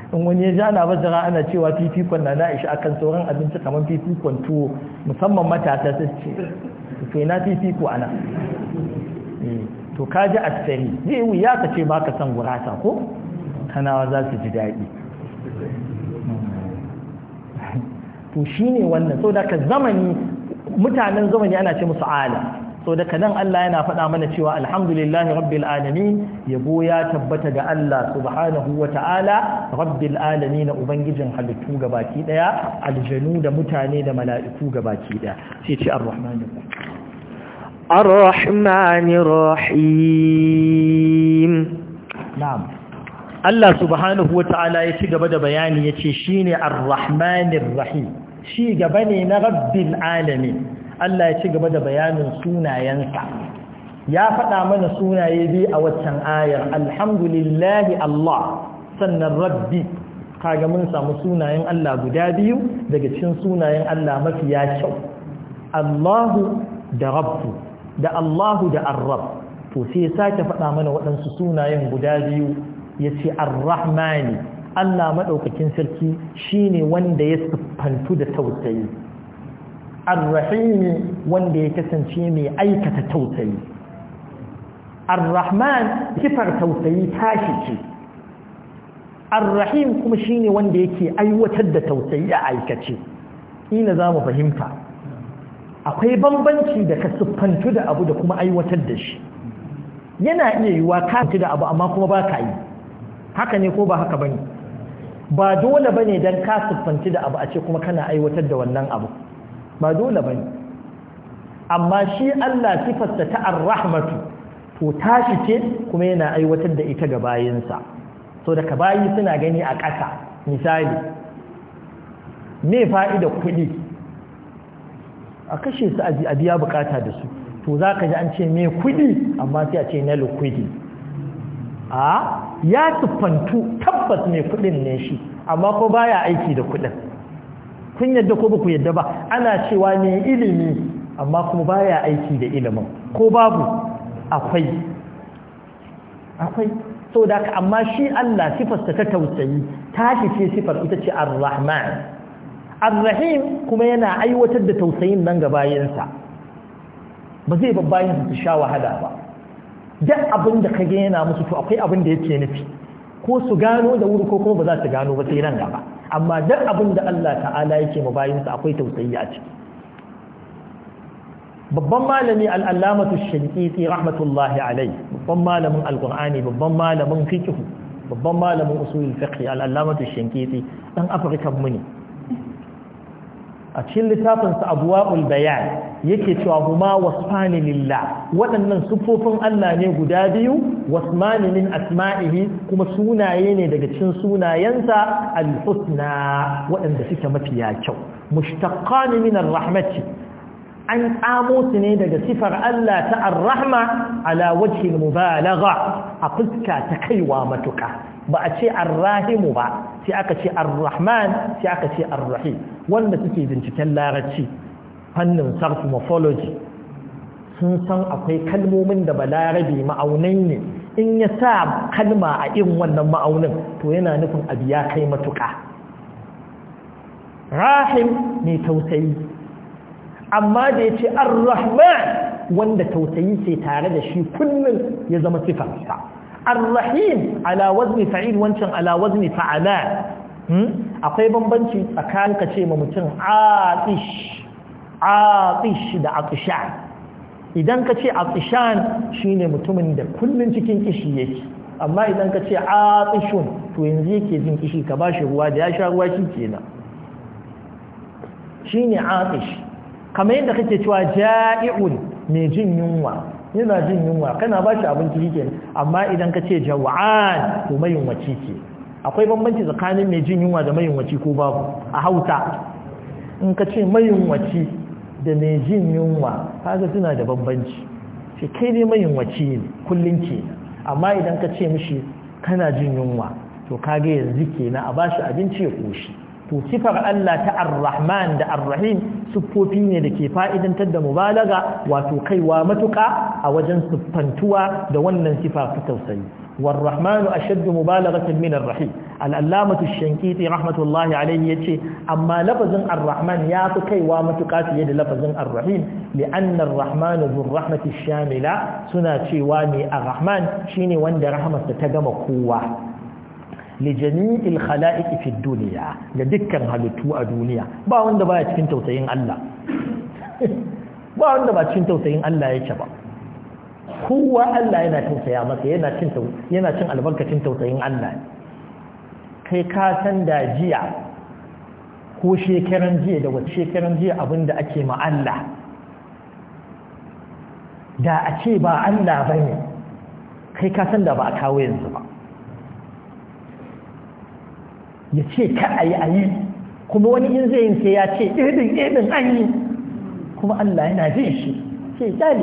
S1: in wani ya jana jira ana cewa fifikon na na'isha akan sauran abinci kamar fifikon tuwo musamman matasa su ce sai na fifiko ana eh, to ka ji tsari zai wuya ka ce ba ka san gurasa ko kanawa za su ji daɗi to shi ne wannan so ka zamani mutanen zamani ana ce musu ala so daga nan Allah yana faɗa mana cewa alhamdulillahi rabbil alamin yabo ya tabbata ga Allah subhanahu wa ta'ala rabbil alamin ubangijin halittu gabaki daya aljanu da mutane da mala'iku gabaki daya sai ce arrahmanir الرحمن rahim na'am Allah subhanahu wa ta'ala ya ci gaba da bayani ya ce shi ne arrahmanin rahim shi gaba ne na rabbin alamin Allah ya ci gaba da bayanin sunayensa ya faɗa mana sunaye biyu a waccan ayar alhamdulillahi Allah sannan rabbi kaga mun samu sunayen Allah guda biyu daga cikin sunayen Allah mafi ya kyau Allahu da Rabbu da Allahu da Arrab to sai sake faɗa mana waɗansu sunayen guda biyu ya ce arrahmani, Allah maɗaukakin sarki shi ne wanda ya siffantu da tausayi ar-rahimi wanda ya kasance mai aikata tausayi ar kifar tausayi tashi ce ar-rahim kuma ne wanda yake aiwatar da tausayi a aikace ina za mu fahimta akwai bambanci da ka siffantu da abu da kuma aiwatar da shi yana iya yiwa ka da abu amma kuma ba ka yi haka ne ko ba haka bane ba dole bane don ka siffanci da abu a ce kuma kana aiwatar da wannan abu ba dole bane amma shi Allah sifasta ta ar-rahmatu to tashi ce kuma yana aiwatar da ita ga bayinsa so daga bayi suna gani a ƙasa misali me fa'ida kuɗi a kashe su a biya bukata da su to za ka ji an ce me kuɗi amma sai a ce na lukudi a ya tuffantu tabbas mai kudin ne shi amma ko baya aiki da kudin kun yadda ko ba ku yadda ba ana cewa ne ilimi amma kuma baya aiki da ilimin ko babu akwai akwai So da ka amma shi Allah sifar ta tausayi ta ce sifar ita ce ar-rahman ar-rahim kuma yana aiwatar da tausayin nan ga bayansa ba zai babbayin su sha wahala ba duk abin da ka yana musu to akwai abin da yake nufi ko su gano da wuri ko kuma ba za su gano ba sai nan gaba amma duk abin da Allah ta'ala yake mu bayin sa akwai tausayi a ciki babban malami al-allamatu shafi'i rahmatullahi alayhi babban malamin alqur'ani babban malamin fiqh babban malamin usulul fiqh al-allamatu shafi'i dan afirka muni. a cikin littafinsa abuwa'ul bayan yake cewa huma wasfani lillah waɗannan sufofin Allah ne guda biyu wasmani min asma'ihi kuma sunaye ne daga cikin sunayensa al-husna waɗanda suke mafiya kyau mushtaqqan min ar-rahmati an tsamo su ne daga sifar Allah ta ar-rahma ala wajhi al-mubalagha a fuska ta kaiwa matuka ba a ce arrahimu ba sai aka ce arrahman sai aka ce arrahim wanda suke binciken larabci fannin sarf morphology sun san akwai kalmomin da balarabe ma'aunai ne in ya sa kalma a irin wannan ma'aunin to yana nufin abu ya kai matuƙa rahim mai tausayi amma da ya ce ar wanda tausayi sai tare da shi kullum ya zama sifarsa ar-rahim ala wazni fa'il wancan ala wazni fa'ala hmm? akwai bambanci tsakanin ka ce ma mutum atish atish da atishan idan ka ce atishan shine mutumin da kullun cikin kishi yake amma idan ka ce atishun to yanzu yake jin kishi ka bashi ruwa da ya sha ruwa shi kenan shine atish kamar yadda kake cewa ja'i'un mai jin yunwa yana jin yunwa kana ba shi abinci shi amma idan ka ce jawa'an to mayunwaci ce akwai bambanci tsakanin mai jin yunwa da mayunwaci ko babu a hauta in ka ce mayunwaci da mai jin yunwa kaga suna da bambanci shi kai ne mayunwaci ne kullum ke amma idan ka ce mishi kana jin yunwa to kage yanzu kenan a bashi abinci ya koshi to sifar Allah ta ar-rahman da ar-rahim siffofi ne da ke fa'idantar da mubalaga wato kaiwa matuƙa a wajen siffantuwa da wannan sifa ta tausayi والرحمن أشد مبالغة من الرحيم الألامة الشنكيتي رحمة الله عليه يتشي أما لفظ الرحمن يعطي وامتقات يد لفظ الرحيم لأن الرحمن ذو الرحمة الشاملة سنة شيواني الرحمن شيني واند رحمة تتقم قوة li jami'il khala'iqi fi dunya ga dukkan halittu a duniya ba wanda baya cikin tausayin Allah ba wanda ba cikin tausayin Allah yake ba kowa Allah yana tausaya masa yana cin yana cin albarkacin tausayin Allah kai ka san da jiya ko shekaran jiya da wace shekaran jiya abinda ake ma Allah da a ce ba Allah bane kai ka san da ba a kawo yanzu ba ya ce ka a yi a kuma wani in zai yin sai ya ce irin irin an yi kuma Allah yana jin shi ce ya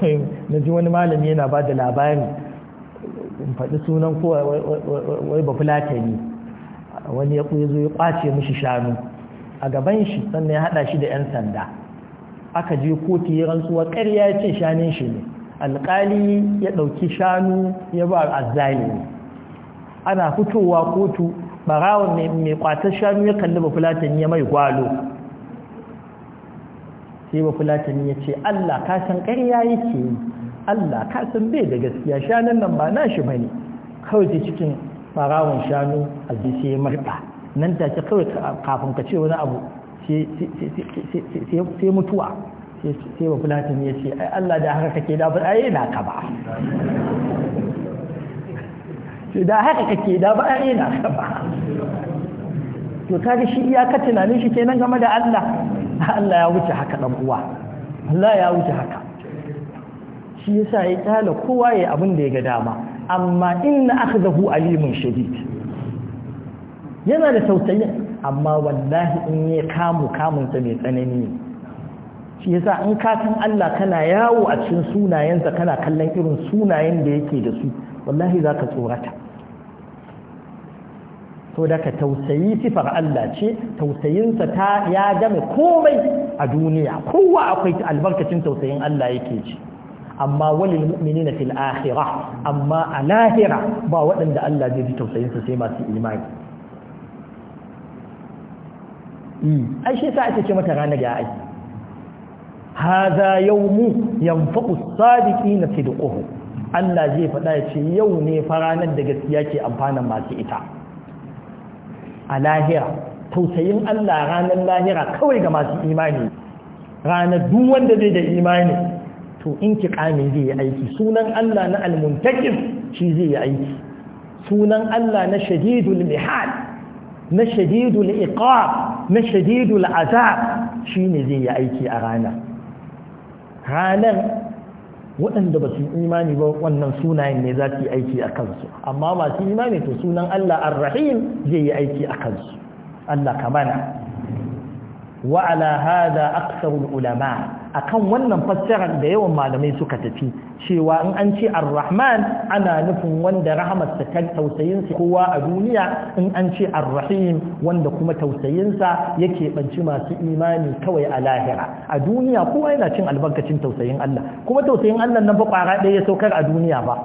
S1: shi na ji wani malami yana ba da labari in faɗi sunan ko wai ba ne wani ya zo ya kwace mishi shanu a gaban shi sannan ya haɗa shi da 'yan sanda aka je kotu ya rantsuwa ƙarya ya ce shanin shi ne alƙali ya ɗauki shanu ya ba azzalimi ana fitowa kotu barawa mai kwatar shanu ya kalli ba fulatani ya mai gwalo sai ba fulatani ya ce Allah ka san ƙarya yake yi Allah ka bai da gaskiya shanun nan ba nashi ba ne kawai ce cikin barawon shanu a sai ya marɗa nan ce kawai kafin ka ce wani abu sai mutuwa sai ba fulatin ya ce ai Allah da haka kake da ba ai na ka ba
S2: da haka kake da ba ai na ka ba
S1: to kaga shi iyaka tunanin shi kenan game da Allah Allah ya wuce haka dan uwa Allah ya wuce haka shi yasa ya kyala kowa ya abin da ya ga dama amma inna akhdahu alimun shadid yana da tausayi amma wallahi in ya kamu kamun ta mai tsanani ne shi yasa in ka san Allah kana yawo a cikin sunayensa kana kallon irin sunayen da yake da su wallahi zaka tsorata to da ka tausayi sifar Allah ce tausayinsa ta ya game komai a duniya kowa akwai albarkacin tausayin Allah yake ci amma walil mu'minina fil akhirah amma a lahira ba waɗanda Allah zai ji tausayin sa sai masu imani hmm. ai shi sa ake ce mata ranar ya aiki haza yawmu yanfaqu as-sadiqina sidquhu Allah zai faɗa yace ce yau ne faranar da gaskiya ke amfanin masu ita a lahira tausayin Allah ranar lahira kawai ga masu imani ranar duk wanda zai da imani to in ki kame zai yi aiki sunan Allah na almuntakin shi zai yi aiki sunan Allah na shadidul lihad na shadidul iqab na shadidul azab shine zai yi aiki a ranar ranar waɗanda ba su imani ba wannan sunayen ne za su yi aiki a kansu amma masu imani to sunan Allah arrahim rahim zai yi aiki a kansu Allah kamana wa ala hada aksarul ulama akan wannan fassarar da yawan malamai suka tafi cewa in an ce ar-rahman ana nufin wanda rahamarsa kan tausayinsa kowa a duniya in an ce ar-rahim wanda kuma tausayinsa yake banci masu imani kawai a lahira a duniya kowa yana cin albarkacin tausayin Allah kuma tausayin Allah nan ba kwara ɗaya ya saukar a duniya ba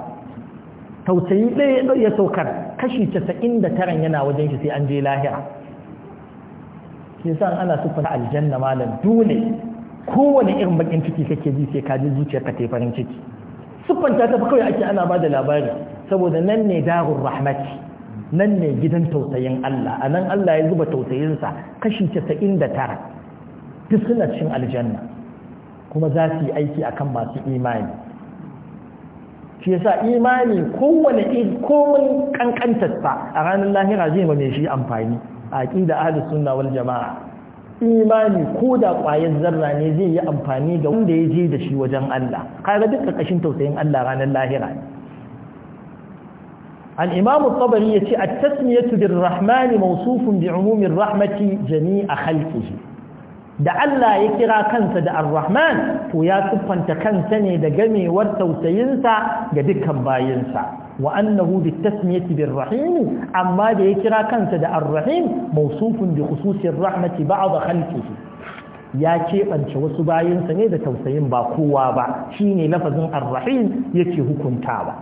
S1: tausayi ɗaya ya saukar kashi 99 yana wajen shi sai an je lahira yasa ana sufanta aljanna malam dole kowane irin bakin ciki kake ji sai ka ji ka ta farin ciki siffanta ta kawai ake ana ba da labari saboda nan ne darun rahmati nan ne gidan tausayin Allah a nan Allah ya zuba tausayinsa kashi 99 duk suna cikin aljanna kuma za su yi aiki akan masu imani shi yasa imani kowane komin kankantarsa a ranar lahira zai ma mai shi amfani a aqida ahlus sunna wal jama'a imani ko da ƙwayar zarra ne zai yi amfani ga wanda ya je da shi wajen Allah kaga duk ƙarƙashin tausayin Allah ranar lahira al-imam ya ce yace at-tasmiyatu rahmani rahman mawsufun bi'umumin rahmati jami'a khalqihi da Allah ya kira kansa da ar-rahman to ya siffanta kansa ne da gamewar tausayinsa ga dukkan bayinsa wa annahu bi tasmiyati amma da ya kira kansa da ar-rahim mawsufun bi khususir rahmati ba'd khalqihi ya keɓance wasu bayansa ne da tausayin ba kowa ba shine lafazin ar yake hukuntawa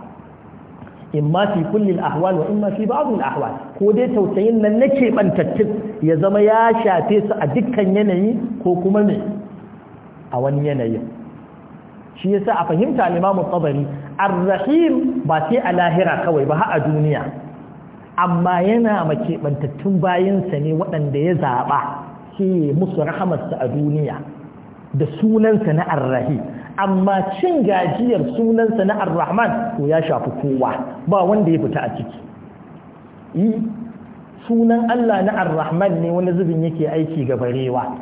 S1: imma fi kullin ahwal wa imma fi ba'd al-ahwal ko dai tausayin nan na keɓantattun ya zama ya shafe su a dukkan yanayi ko kuma ne a wani yanayin shi yasa a fahimta al-Imam Tabari arrahim ba sai a lahira kawai ba a duniya amma yana mace bantattun bayansa ne waɗanda ya zaɓa sai musu rahamarsa a duniya da sunansa na arrahim amma cin gajiyar sunansa na arrahman to ya shafi kowa ba wanda ya fita a ciki yi sunan Allah na arrahman ne wani zubin yake aiki ga barewa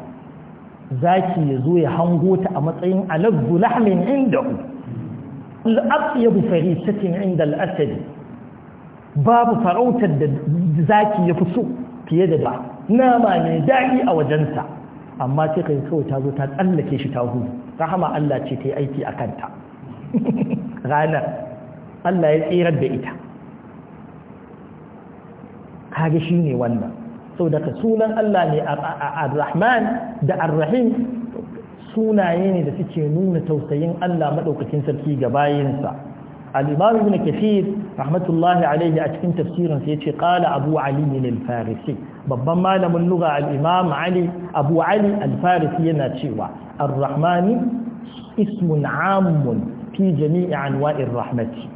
S1: zaki ya zo ya hango ta a matsayin alabdu lahmin ku al'afiyabu farisatin da al'asari babu farautar da zaki ya fi so fiye da ba nama mai daɗi a wajensa amma sai kai kawai ta zo ta tsallake shi ta hudu rahama Allah ce ta yi aiki a kanta ranar Allah ya tsirar da ita kage shi ne wannan sau daga sunan Allah ne ar-Rahman da ar sunaye ne da suke nuna tausayin Allah madaukakin sarki ga bayinsa al-imam ibn kathir rahmatullahi alayhi a cikin tafsirin sa yace qala abu ali al-farisi babban malamin lugha al-imam ali abu ali al-farisi yana cewa ar-rahman ismun amun fi jami'i anwa'ir rahmati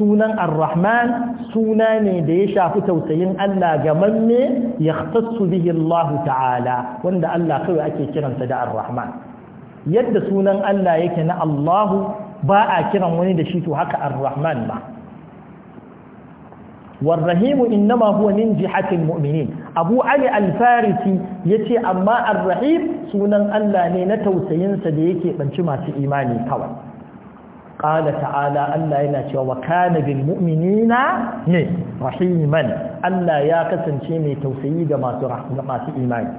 S1: sunan ar-rahman suna ne da ya shafi tausayin Allah ga manne ya khassu bihi Allah ta'ala wanda Allah kawai ake kiransa da ar-rahman yadda sunan Allah yake na Allahu ba a kiran wani da shi to haka ar-rahman ba والرحيم إنما هو من جهة المؤمنين أبو علي الفارسي يتي أما الرحيم سنن ألا نينتو سينسى ديكي بنشما في إيماني كوي قال تعالى ألا ينتي وكان بالمؤمنين رحيما ألا ياكسن شيني توسيد ما في إيماني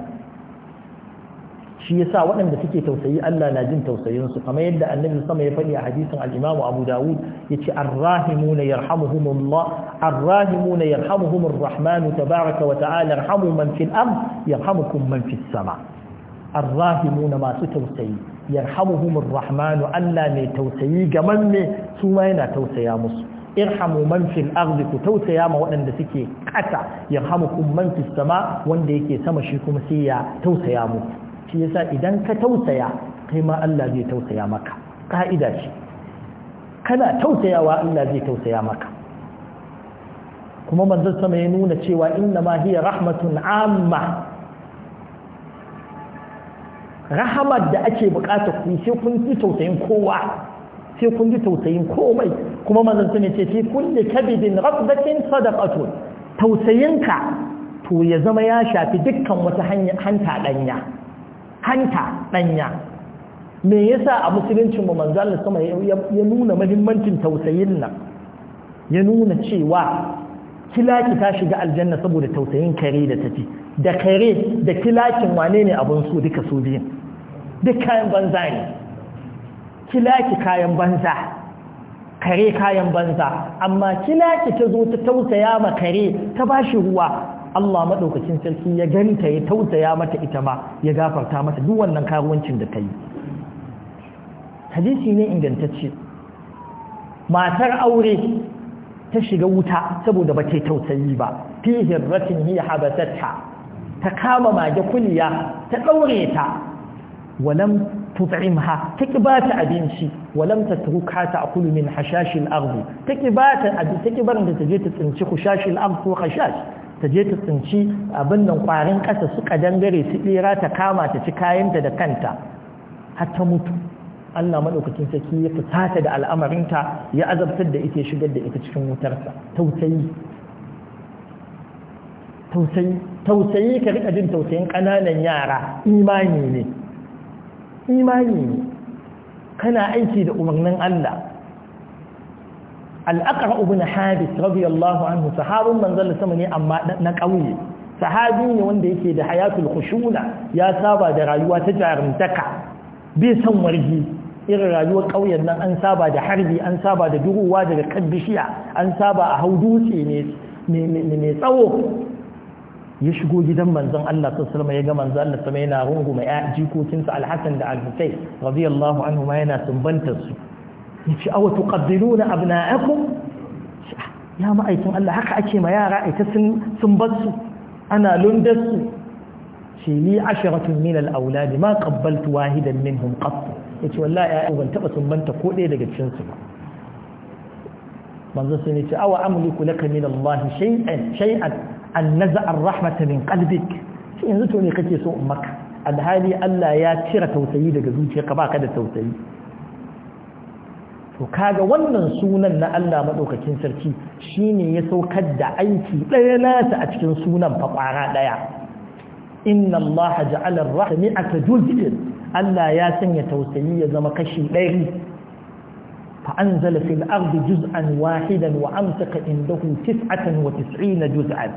S1: shi yasa waɗanda suke tausayi Allah na jin tausayin su kamar yadda annabi sama ya faɗi a hadisin alimamu Abu Dawud ya ce rahimuna yarhamuhumullah ar-rahimuna yarhamuhumur rahman tabaaraka wa ta'ala arhamu manfin fil ard yarhamukum sama ar-rahimuna masu tausayi yarhamuhumur Allah mai tausayi ga manne su ma yana tausaya musu irhamu manfin fil ku tausaya ma waɗanda suke ƙasa yarhamukum man sama wanda yake sama shi kuma sai ya tausaya mu shi yasa idan ka tausaya kai ma Allah zai tausaya maka ka'ida ce kana tausayawa Allah zai tausaya maka kuma manzon sama ya nuna cewa inna ma hiya rahmatun amma rahamar da ake bukata ku sai kun ji tausayin kowa sai kun ji tausayin komai kuma manzon sama ce fi kulli kabidin rabbatin sadaqatun tausayinka to ya zama ya shafi dukkan wata hanta danya hanta ɗanya me yasa a musuluncin mu Manzala sama ya nuna muhimmancin tausayin nan ya nuna cewa kilaki ta shiga aljanna saboda tausayin kare da tafi da kare da kilakin wane ne abun su duka su biyun duk kayan banza ne kilaki kayan banza kare kayan banza amma kilaki ta zo ta tausaya ma kare ta bashi ruwa Allah maɗaukacin sarki ya ganta ya tausaya mata ita ma ya gafarta mata duk wannan karuwancin da ta yi hadisi ne ingantacce matar aure ta shiga wuta saboda ba ta tausayi ba fi hirratin hiya habatatta ta kama mage kuliya ta ɗaure ta walam tut'imha ta kibata abinci walam tatruka ta akulu min hashashil ardh ta ki ta abinci ta da ta je ta tsinci hashashil ardh ko hashash ta je ta tsinci abin nan kwarin ƙasa suka dangare su ɗera ta kama ta ci kayanta da kanta har ta mutu Allah maɗaukacin sarki ya fusata da al'amarinta ya azabtar da ita shigar da ita cikin wutarsa tausayi tausayi tausayi ka riƙa jin tausayin ƙananan yara imani ne imani ne kana aiki da umarnin Allah al'akar ibn hadis radiyallahu anhu sahabin manzala sama ne amma na ƙauye sahabi ne wanda yake da hayatul khushuna ya saba da rayuwa ta jarumtaka bai san wargi irin rayuwar ƙauyen nan an saba da harbi an saba da duruwa daga kan bishiya an saba a hau dutse mai tsawo ya shigo gidan manzan Allah sallama ya ga manzan Allah sama yana rungu mai jikokinsa alhassan da alhussai radiyallahu anhu ma yana sumbantarsu. yace aw tuqaddiluna abna'akum ya ma'aikin Allah haka ake ma yara ita sun sun ana lundarsu ce li asharatun min al-awlad ma qabbaltu wahidan minhum qatt yace wallahi ya ban taba sumbanta ko ɗaya daga cikin su ba manzo sai yace awa amliku laka min Allah shay'an shay'an an naza'a ar-rahmata min qalbik yanzu to ne kake so ummaka alhali Allah ya cire tausayi daga zuciyarka baka da tausayi to kaga wannan sunan na Allah madaukakin sarki shine ya saukar da aiki daya nasa a cikin sunan fakwara ɗaya. daya inna Allah ja'ala ar-rahmi atajuzin Allah ya sanya tausayi ya zama kashi ɗari fa anzala fil ardi juz'an wahidan wa amsaka indahu 99 juz'an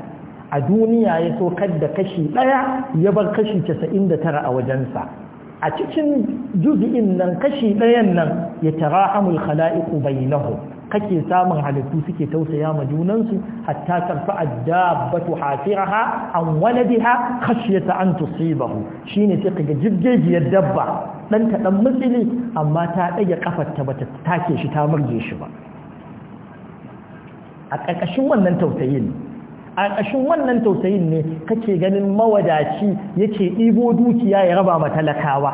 S1: a duniya ya saukar da kashi ɗaya ya bar kashi 99 a wajensa a cikin juzu'in nan kashi ɗayan nan ya tarahamul khala'iqu bainahum kake samun halittu suke tausaya ma junansu hatta tarfa addabatu hasiraha an waladiha khashyata an tusibahu shine sai kaga jirgejiyar dabba dan ta dan mutsili amma ta dage kafarta bata take shi ta murje shi ba a ƙarƙashin wannan tausayin a ƙashin wannan tausayin ne kake ganin mawadaci yake ɗibo dukiya ya raba ma talakawa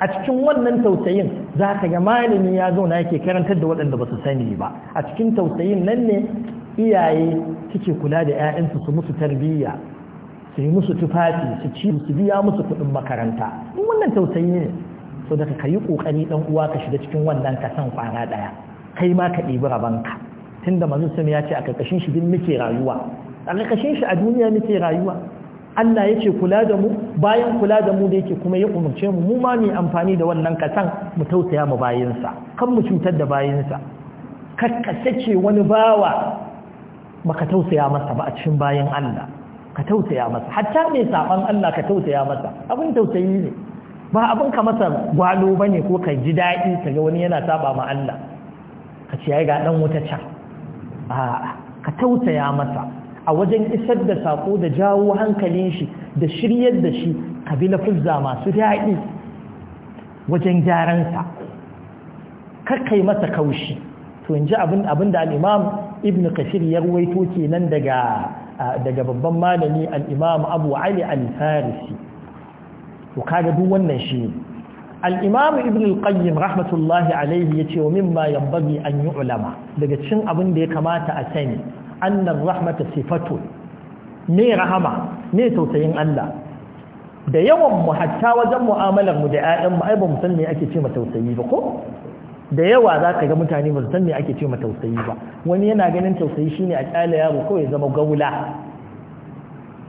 S1: a cikin wannan tausayin za ka ga malami ya zauna yake karantar da waɗanda ba su sani ba a cikin tausayin nan ne iyaye suke kula da 'ya'yansu su musu tarbiyya su yi musu tufafi su ci su biya musu kuɗin makaranta in wannan tausayi ne so daga ka yi ƙoƙari ɗan uwa ka shiga cikin wannan kasan kwana ɗaya kai ma ka ɗibi rabanka tunda manzon sani ya ce a ƙarƙashin shi din muke rayuwa a ƙarƙashin shi a duniya muke rayuwa Allah yake kula da mu bayan kula da mu da yake kuma ya umarce mu mu ma mai amfani da wannan kasan mu tausaya mu bayinsa kan mu cutar da bayinsa kakkasace wani bawa ka tausaya masa ba a cikin bayan Allah ka tausaya masa hatta mai saban Allah ka tausaya masa abin tausayi ne ba abin ka masa gwalo bane ko ka ji daɗi ka ga wani yana saba ma Allah ka ce ai ga dan wuta can a'a ka tausaya masa a wajen isar da sako da jawo hankalin shi da shiryar da shi kabila fuzza masu daɗi wajen gyaran gyaransa kakai masa kaushi to in ji abin da al'imam ibn kashir ya ruwaito kenan daga daga babban malami al'imam abu ali al-farisi to kaga duk wannan shi ne al'imamu ibn al-qayyim rahmatullahi alaihi ya ce wa mimma yambagi an yi ulama daga cin abin da ya kamata a sani annan rahmata sifatun ne rahama ne tausayin Allah da yawan mu hatta wajen mu'amalar mu da ƴaƴan mu ai ba mu san me ake ce ma tausayi ba ko da yawa za ka ga mutane ba su san me ake ce ma tausayi ba wani yana ganin tausayi shine a kyale yaro ko ya zama gaula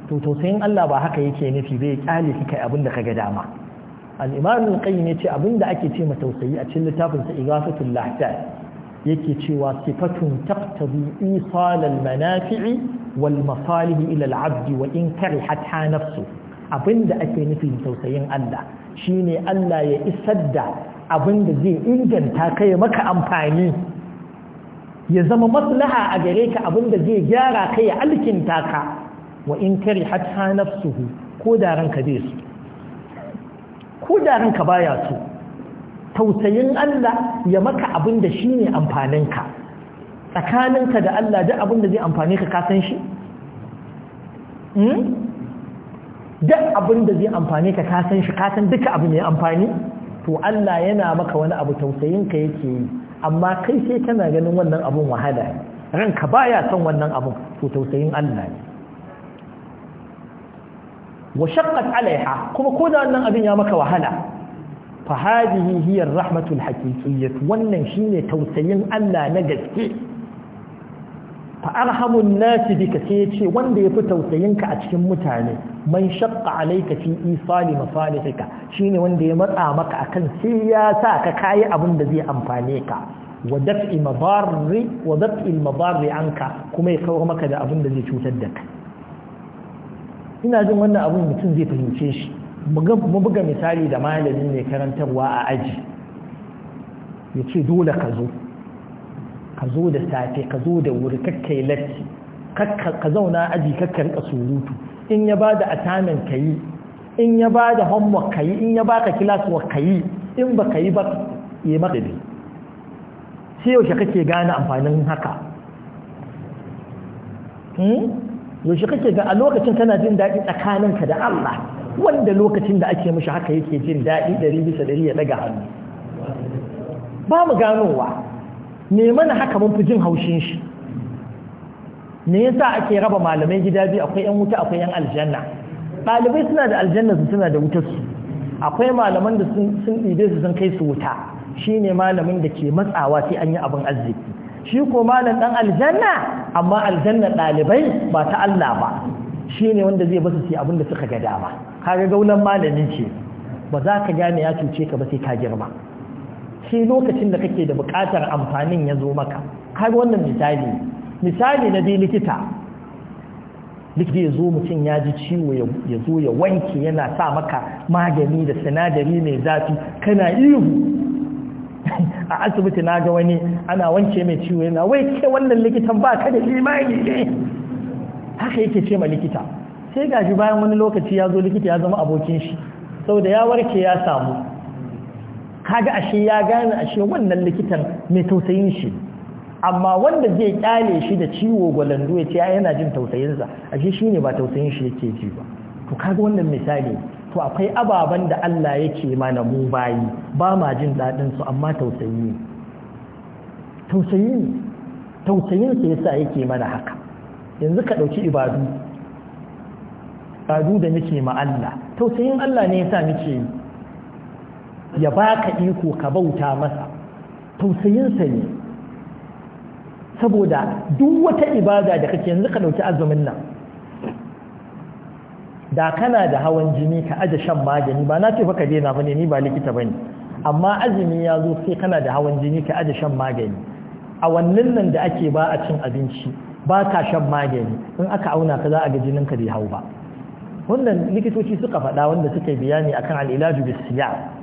S1: to tausayin Allah ba haka yake nufi bai kyale shi kai abinda da ka ga dama al-imam al-qayyim yace abin da ake ce ma tausayi a cikin littafin sa igafatul lahtan yake cewa sifatun taqtadi isal al manafi'i wal masalih ila al abd wa in karihat ha nafsu abinda ake nufin tausayin Allah shine Allah ya isar da abinda zai inganta kai maka amfani ya zama maslaha a gare ka abinda zai gyara kai ya alkinta ka wa in karihat ha nafsuhu ko da ranka bai su ko da ranka baya su tausayin Allah ya maka abin da shi ne amfaninka tsakaninka da Allah duk abin da zai amfane ka kasan shi? Hmm? duk abin da zai amfane ka kasan shi kasan duka abin da ya amfani? to Allah yana maka wani abu tausayinka yake yi amma kai sai kana ganin wannan abin wahala ranka baya son wannan abin to tausayin Allah ne wa shaqqat alaiha kuma ko da wannan abin ya maka wahala fa hadhihi hiya rahmatul haqiqiyyah wannan shine tausayin Allah na gaske fa arhamun nasi bika sai yace wanda yafi tausayin ka a cikin mutane man shaqqa alayka fi isali masalihika shine wanda ya matsa maka akan sai ya sa ka kai abin da zai amfane ka wa daf'i madarri wa daf'i anka kuma ya kawar maka da abin da zai cutar da ka. ina jin wannan abin mutum zai fahimce shi mu buga misali da malamin mai karantarwa a aji ya ce dole ka zo ka zo da safe ka zo da wuri kakkai latti ka zauna aji kakkar ka surutu in ya ba da atamin ka yi in ya ba da homework ka yi in ya ba ka kilaswa ka yi in ba ka yi ba ya maka ne sai yaushe kake gane amfanin haka hmm? yaushe kake ga a lokacin kana jin daɗi tsakaninka da Allah wanda lokacin da ake mishi haka yake jin daɗi ɗari bisa ɗari ya ɗaga hannu ba mu ganowa me mana haka mun fi jin haushin shi me yasa ake raba malamai gida biyu akwai yan wuta akwai yan aljanna ɗalibai suna da aljanna su suna da wuta su akwai malaman da sun ɗibe su sun kai su wuta Shi ne malamin da ke matsawa sai an yi abin arziki shi ko malam ɗan aljanna amma aljanna ɗalibai ba ta Allah ba shi ne wanda zai basu sai abin da suka ga dama kaga gaunan malamin ce ba za ka gane ya cuce ka ba sai ka girma shi lokacin da kake da bukatar amfanin ya zo maka kaga wannan misali misali na dai likita likita ya zo mutum ya ji ciwo ya zo ya wanke yana sa maka magani da sinadari mai zafi kana ihu a asibiti na ga wani ana wanke mai ciwo yana wai ce wannan likitan ba ka da imani ne haka yake ce ma likita sai gashi bayan wani lokaci ya zo likita ya zama abokin shi saboda ya warke ya samu kaga ashe ya gane ashe wannan likitan mai tausayin shi amma wanda zai kyale shi da ciwo gwalandu ya ce yana jin tausayinsa ashe shi ne ba tausayin shi yake ji ba to kaga wannan misali to akwai ababen da Allah yake mana mu bayi ba ma jin daɗin su amma tausayi ne tausayi tausayin sa yasa yake mana haka yanzu ka ɗauki ibadu ibadu da muke ma'alla tausayin Allah ne yasa muke yi ya baka iko ka bauta masa tausayinsa ne saboda duk wata ibada da kake yanzu ka ɗauki azumin nan da kana da hawan jini ka aje shan magani ba na ce fa ka daina ne, ni ba likita bane amma azumi ya zo sai kana da hawan jini ka aje shan magani a wannan nan da ake ba a cin abinci ba ka shan magani in aka auna ka za a ga jinin ka bai hau ba wannan likitoci suka faɗa wanda suke bayani akan al'ilaju bisiya